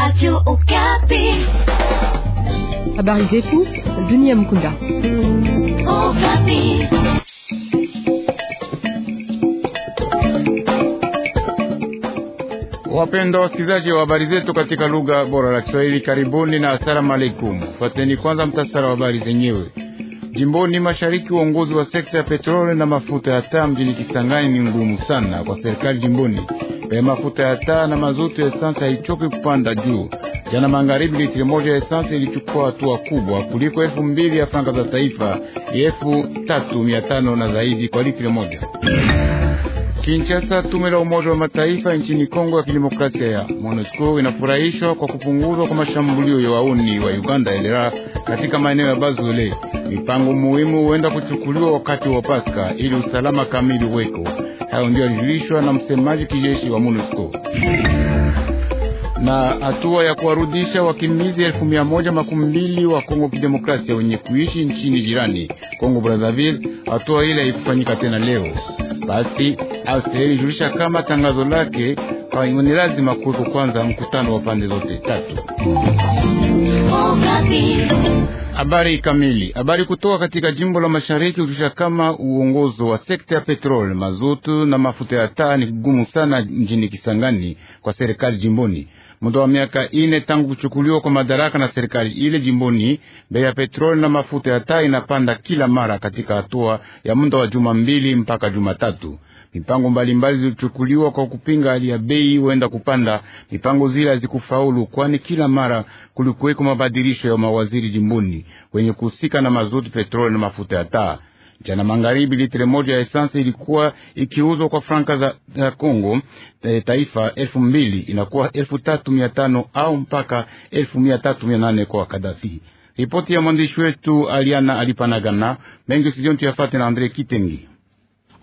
Radio Okapi. Habari zetu dunia mkunda. Okapi. Wapenda wasikilizaji wa habari zetu katika lugha bora la Kiswahili, karibuni na asalamu alaikum. Fuateni kwanza mtasara wa habari zenyewe. Jimboni mashariki, uongozi wa sekta ya petroli na mafuta ya taa mjini Kisangani ni ngumu sana kwa serikali jimboni E, mafuta ya taa na mazutu ya esansi haichoki kupanda juu. Jana magharibi, litri moja ya esansi ilichukua hatua kubwa kuliko elfu mbili ya franka za taifa, elfu tatu mia tano na zaidi kwa litri moja. Kinshasa, tume la Umoja wa Mataifa nchini Kongo ya Kidemokrasia ya MONUSCO inafurahishwa kwa kupunguzwa kwa mashambulio ya wauni wa Uganda elera katika maeneo ya Bazwele. Mipango muhimu huenda kuchukuliwa wakati wa paska ili usalama kamili weko Hayo ndio yalijulishwa na msemaji kijeshi wa MONUSCO na hatua ya kuwarudisha wakimbizi elfu mia moja makumi mbili wa Kongo Kidemokrasia wenye kuishi nchini jirani Kongo Brazzaville. Hatua ile haikufanyika tena leo. Basi ACR ilijulisha kama tangazo lake kwa ni lazima kuweko kwanza mkutano wa pande zote tatu. Habari kamili. Habari kutoka katika jimbo la mashariki hujulisha kama uongozo wa sekta ya petroli, mazutu na mafuta ya taa ni gumu sana mjini Kisangani kwa serikali jimboni. Muda wa miaka ine tangu kuchukuliwa kwa madaraka na serikali ile jimboni, bei ya petroli na mafuta ya taa inapanda kila mara katika hatua ya muda wa juma mbili mpaka Jumatatu. Mipango mbalimbali zilichukuliwa kwa kupinga hali ya bei huenda kupanda. Mipango zile hazikufaulu, kwani kila mara kulikuweko mabadilisho ya mawaziri jimbuni wenye kuhusika na mazuti, petroli na mafuta ya taa. Jana magharibi litre moja ya esansi ilikuwa ikiuzwa kwa franka za, za Kongo e, taifa elfu mbili inakuwa elfu tatu mia tano au mpaka elfu mia tatu mia nane kwa Kadhafi. Ripoti ya mwandishi wetu Aliana Alipanagana mengi sijontu yafate na Andre Kitengi.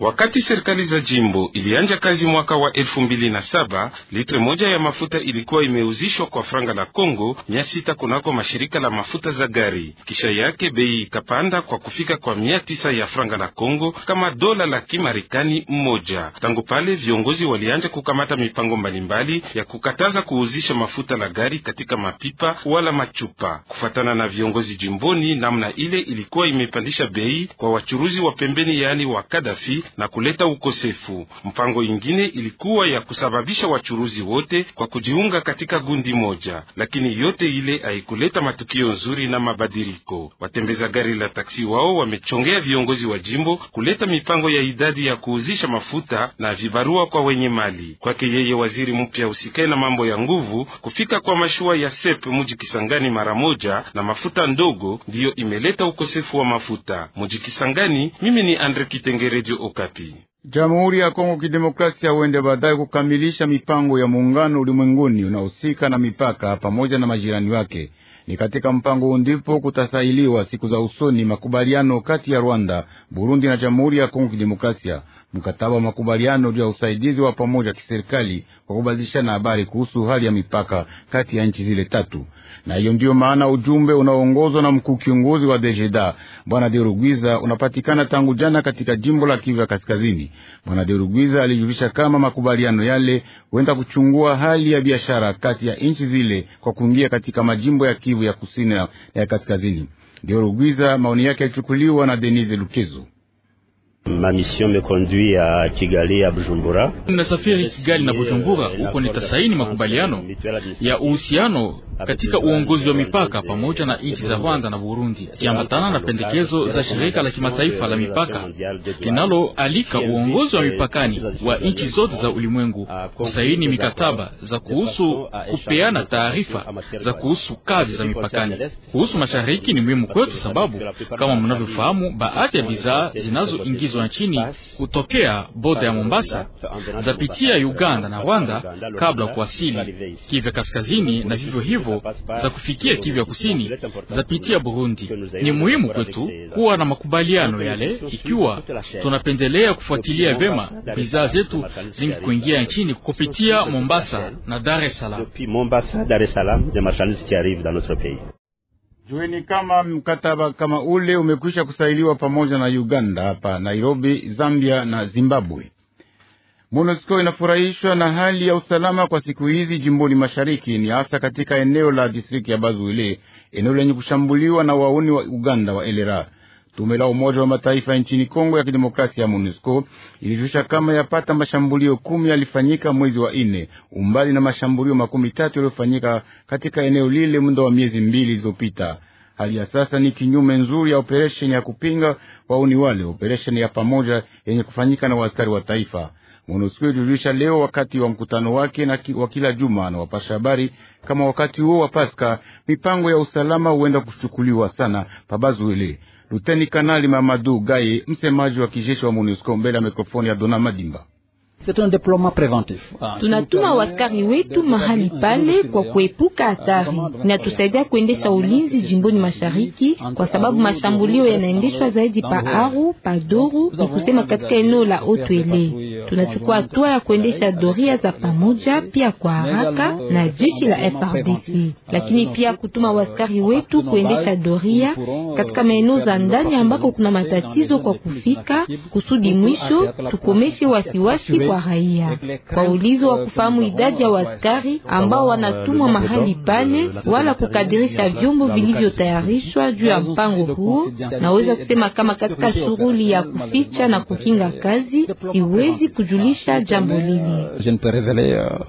Wakati serikali za jimbo ilianja kazi mwaka wa elfu mbili na saba, litre moja ya mafuta ilikuwa imeuzishwa kwa franga la Congo mia sita kunako mashirika la mafuta za gari. Kisha yake bei ikapanda kwa kufika kwa mia tisa ya franga la congo kama dola la Kimarekani mmoja. Tangu pale viongozi walianja kukamata mipango mbalimbali ya kukataza kuuzisha mafuta la gari katika mapipa wala machupa. kufuatana na viongozi jimboni, namna ile ilikuwa imepandisha bei kwa wachuruzi wa pembeni, yaani wa Kadafi na kuleta ukosefu. Mpango ingine ilikuwa ya kusababisha wachuruzi wote kwa kujiunga katika gundi moja, lakini yote ile haikuleta matukio nzuri na mabadiliko. Watembeza gari la taksi wao wamechongea viongozi wa jimbo kuleta mipango ya idadi ya kuuzisha mafuta na vibarua kwa wenye mali. Kwake yeye waziri mpya usikae na mambo ya nguvu, kufika kwa mashua ya sep muji Kisangani mara moja na mafuta ndogo ndiyo imeleta ukosefu wa mafuta muji Kisangani. Mimi ni Andre Kitenge, Radio Okapi. Jamhuri ya Kongo Kidemokrasia huende baadaye kukamilisha mipango ya muungano ulimwenguni unaohusika na mipaka pamoja na majirani wake. Ni katika mpango huu ndipo kutasailiwa siku za usoni makubaliano kati ya Rwanda, Burundi na Jamhuri ya Kongo Kidemokrasia mkataba wa makubaliano juu ya usaidizi wa pamoja kiserikali kwa kubadilishana habari kuhusu hali ya mipaka kati ya nchi zile tatu. Na hiyo ndiyo maana ujumbe unaoongozwa na mkuu kiongozi wa Dejeda Bwana Derugwiza unapatikana tangu jana katika jimbo la Kivu ya Kaskazini. Bwana Derugwiza alijulisha kama makubaliano yale huenda kuchungua hali ya biashara kati ya nchi zile kwa kuingia katika majimbo ya Kivu ya kusini na ya kaskazini. Derugwiza maoni yake yalichukuliwa na Denise Lukezo. Ma mission me conduit à Kigali à Bujumbura. Nasafiri Kigali na Bujumbura, huko nitasaini makubaliano ya uhusiano katika uongozi wa mipaka pamoja na nchi za Rwanda na Burundi, kiambatana na pendekezo za shirika la kimataifa la mipaka linaloalika uongozi wa mipakani wa nchi zote za ulimwengu kusaini mikataba za kuhusu kupeana taarifa za kuhusu kazi za mipakani. Kuhusu mashariki ni muhimu kwetu, sababu kama mnavyofahamu, baadhi ya bidhaa zinazoingizwa nchini kutokea boda ya Mombasa zapitia Uganda na Rwanda kabla kuwasili Kivu Kaskazini na vivyo hivyo hivyo za kufikia Kivu ya kusini zapitia Burundi. Ni muhimu kwetu kuwa na makubaliano yale, ikiwa tunapendelea kufuatilia vyema bidhaa zetu zengi kuingia nchini kupitia Mombasa na Dar es Salaam. Jueni kama mkataba kama ule umekwisha kusailiwa pamoja na Uganda hapa Nairobi, Zambia na Zimbabwe. MONUSCO inafurahishwa na hali ya usalama kwa siku hizi jimboni mashariki, ni hasa katika eneo la distrikti ya Bazuele, eneo lenye kushambuliwa na wauni wa Uganda wa elera. Tume la Umoja wa Mataifa nchini Kongo ya Kidemokrasia ya MONUSCO ilishusha kama yapata mashambulio kumi yalifanyika mwezi wa nne, umbali na mashambulio makumi tatu yaliyofanyika katika eneo lile muda wa miezi mbili ilizopita. Hali ya sasa ni kinyume nzuri ya operesheni ya kupinga wauni wale, operesheni ya pamoja yenye kufanyika na waaskari wa taifa MONUSCO ilijulisha leo wakati wa mkutano wake na ki, wa kila juma na wapasha habari kama wakati huo wa Paska mipango ya usalama huenda kuchukuliwa sana Pabazuele. Luteni Kanali Mamadu Gaye, msemaji wa kijeshi wa MONUSCO, mbele ya mikrofoni ya Dona Madimba. Tunatuma waskari wetu mahali pale kwa kuepuka hatari. Inatusaidia kuendesha ulinzi jimboni mashariki, kwa sababu mashambulio yanaendeshwa zaidi pa Aru, pa Doru, ni kusema katika eneo la Otwele. Tunachukua hatua ya kuendesha doria za pamoja pia kwa haraka na jeshi la FRDC, lakini pia kutuma waskari wetu kuendesha doria katika maeneo za ndani ambako kuna matatizo kwa kufika, kusudi mwisho tukomeshe wasiwasi kwa wa raia. Kwa ulizo wa kufahamu idadi ya waskari ambao wanatumwa mahali pale wala kukadirisha vyombo vilivyotayarishwa juu ya mpango huo, naweza kusema kama katika shughuli ya kuficha na kukinga kazi, siwezi kujulisha jambo lili. Euh,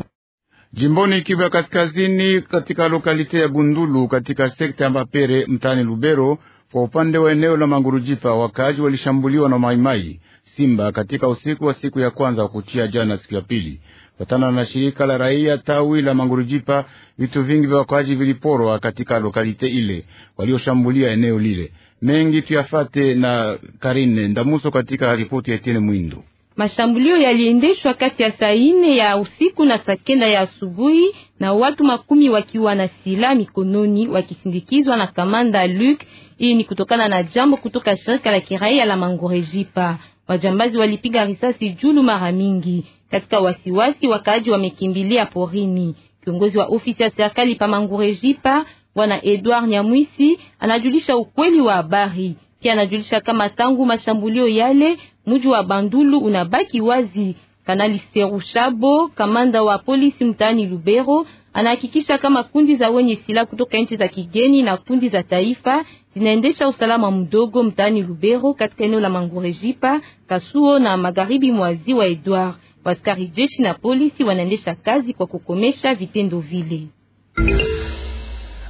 Jimboni Kivu ya Kaskazini, katika lokalite ya Bundulu katika sekta ya Mapere mtaani Lubero, kwa upande wa eneo la Mangurujipa, wakaaji walishambuliwa na Maimai. Simba katika usiku wa siku ya kwanza wa kuchia jana siku ya pili. Patana na shirika la raia tawi la Mangurujipa, vitu vingi vya wakaaji viliporwa katika lokalite ile walioshambulia eneo lile. Mengi tuyafate na Karine Ndamuso katika ripoti ya Etienne Mwindo. Mashambulio yaliendeshwa kati ya saa ine ya usiku na saa kenda ya asubuhi na watu makumi wakiwa na silaha mikononi wakisindikizwa na kamanda Luke. Hii ni kutokana na jambo kutoka shirika la kiraia la Mangorejipa. Wajambazi walipiga risasi julu mara mingi. Katika wasiwasi, wakaaji wamekimbilia porini. Kiongozi wa ofisi ya serikali pa Mangurejipa, bwana Edward Nyamwisi, anajulisha ukweli wa habari. Pia anajulisha kama tangu mashambulio yale, mji wa Bandulu unabaki wazi Kanali Serushabo, kamanda wa polisi mtaani Lubero, anahakikisha kama kundi za wenye silaha kutoka nchi za kigeni na kundi za taifa zinaendesha usalama mdogo mtaani Lubero katika eneo la Mangurejipa, Kasuo na magharibi mwa ziwa Edward. Waskari jeshi na polisi wanaendesha kazi kwa kukomesha vitendo vile.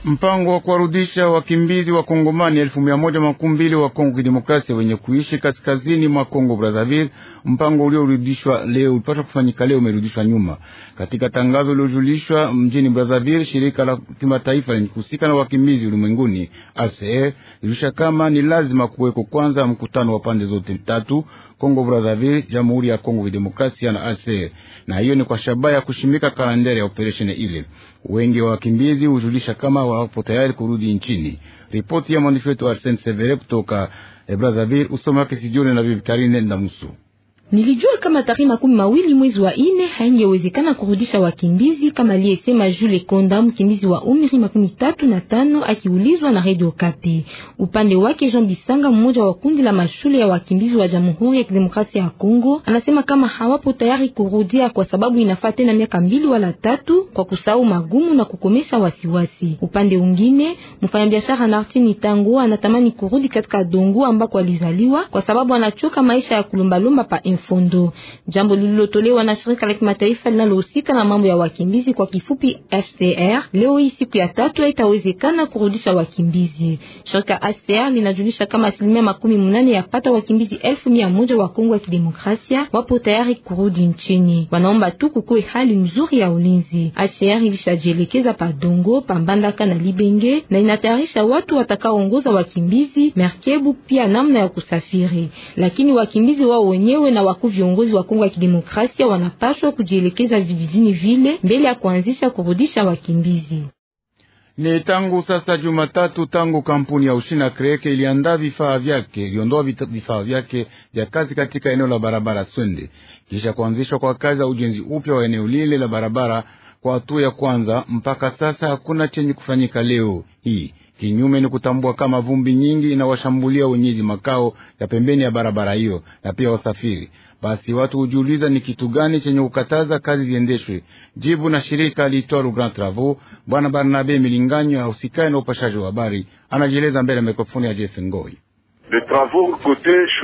Mpango wa kuwarudisha wakimbizi wa Kongomani elfu mia moja makumi mbili wa Kongo Kidemokrasia wenye kuishi kaskazini mwa Kongo Brazzaville, mpango uliorudishwa leo ulipaswa kufanyika leo, umerudishwa nyuma. Katika tangazo lililojulishwa mjini Brazzaville, shirika la kimataifa lenye kuhusika na wakimbizi ulimwenguni RCR e, lilisha kama ni lazima kuweko kwanza mkutano wa pande zote tatu Kongo Brazzaville, Jamhuri ya Kongo Kidemokrasia na ACR, e. na hiyo ni kwa shabaha ya kushimika kalendari ya operesheni ile. Wengi wa wakimbizi hujulisha kama wapo tayari kurudi nchini. Ripoti ya mwandishi wetu Arsene Severe kutoka eh, Brazzaville, usoma wake Sijoni na Bibi Karine Ndamusu. Nilijua kama tarehe makumi mawili mwezi wa ine haingewezekana kurudisha wakimbizi kama aliyesema Jule Konda, mkimbizi wa umri makumi tatu na tano, akiulizwa na Radio Kapi. Upande wake Jean Bisanga, mmoja wa kundi la mashule ya wakimbizi wa Jamhuri ya Kidemokrasia ya Kongo, anasema kama hawapo tayari kurudia kwa sababu inafaa tena miaka mbili wala tatu kwa kusahau magumu na kukomesha wasiwasi. Upande ungine, mfanyabiashara Martin Tango anatamani kurudi katika dongo ambako alizaliwa kwa sababu anachoka maisha ya kulumbalumba pa Mfundu, jambo lililotolewa na shirika la kimataifa linalohusika na mambo ya wakimbizi kwa kifupi HCR. Leo hii siku ya tatu haitawezekana kurudisha wakimbizi. Shirika HCR linajulisha kama asilimia makumi mnane ya pata wakimbizi elfu mia moja wa Kongo ya Kidemokrasia wapo tayari kurudi nchini, wanaomba tu kukuwe hali mzuri ya ulinzi. HCR ilishajielekeza pa Dongo, pa Mbandaka na Libenge na inatayarisha watu watakaoongoza wakimbizi merkebu, pia namna ya kusafiri, lakini wakimbizi wao wenyewe na wakuu viongozi wa Kongo ya Kidemokrasia wanapaswa kujielekeza vijijini vile mbele ya kuanzisha kurudisha wakimbizi. Ni tangu sasa Jumatatu tangu kampuni ya Ushina Kreke iliandaa vifaa vyake iliondoa vifaa vyake vya kazi katika eneo la barabara Swende kisha kuanzishwa kwa kazi ya ujenzi upya wa eneo lile la barabara kwa hatua ya kwanza. Mpaka sasa hakuna chenye kufanyika leo hii, kinyume ni kutambua kama vumbi nyingi inawashambulia wenyeji makao ya pembeni ya barabara hiyo na pia wasafiri. Basi watu hujiuliza ni kitu gani chenye kukataza kazi ziendeshwe. Jibu na shirika liitwa Grand Travaux, Bwana Barnabe Milinganyo ya na upashaji wa habari anajieleza mbele ya mikrofoni ya Jeff Ngoi.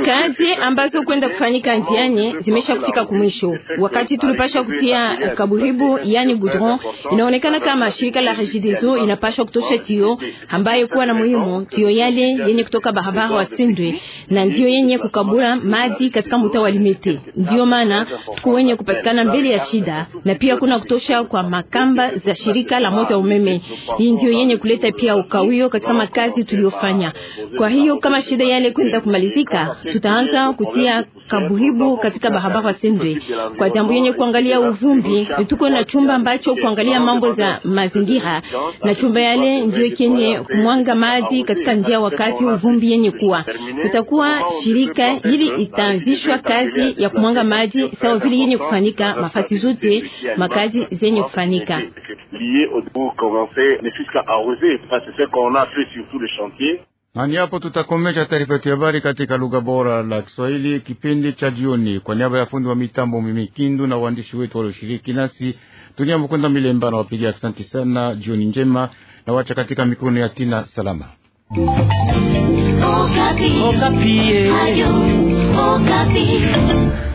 Kazi ambazo kwenda kufanyika njiani zimesha kufika kumwisho. Wakati tulipasha kutia kaburibu, yani gudron, inaonekana kama shirika la Regideso inapashwa kutosha tio ambaye kuwa na muhimu tio yale yenye kutoka barabara wa Sindwe na ndio yenye kukabura maji katika mtaa wa Limete. Ndio maana tuko wenye kupatikana mbele ya shida, na pia kuna kutosha kwa makamba za shirika la moto ya umeme. Hii ndio yenye kuleta pia ukawio katika makazi tuliofanya. Kwa hiyo kama shida ya yale kwenda kumalizika, tutaanza kutia kabuhibu katika barabara Sendwe kwa jambo yenye kuangalia uvumbi. Tuko na chumba ambacho kuangalia mambo za mazingira, na chumba yale ndio kenye kumwanga maji katika njia wakati uvumbi yenye kuwa. Tutakuwa shirika hili itaanzishwa kazi ya kumwanga maji sawa vile yenye kufanyika mafasi zote makazi zenye kufanyika nani hapo tutakomesha taarifa yetu ya habari katika lugha bora la Kiswahili kipindi cha jioni. Kwa niaba ya fundi wa mitambo Mimi Kindu na waandishi wetu walioshiriki nasi, tunia Mukunda Milemba na wapiga, asante sana. Jioni njema na wacha katika mikono ya Tina Salama. Okapi. Oh, Okapi. Oh, eh. Ayo. Okapi. Oh,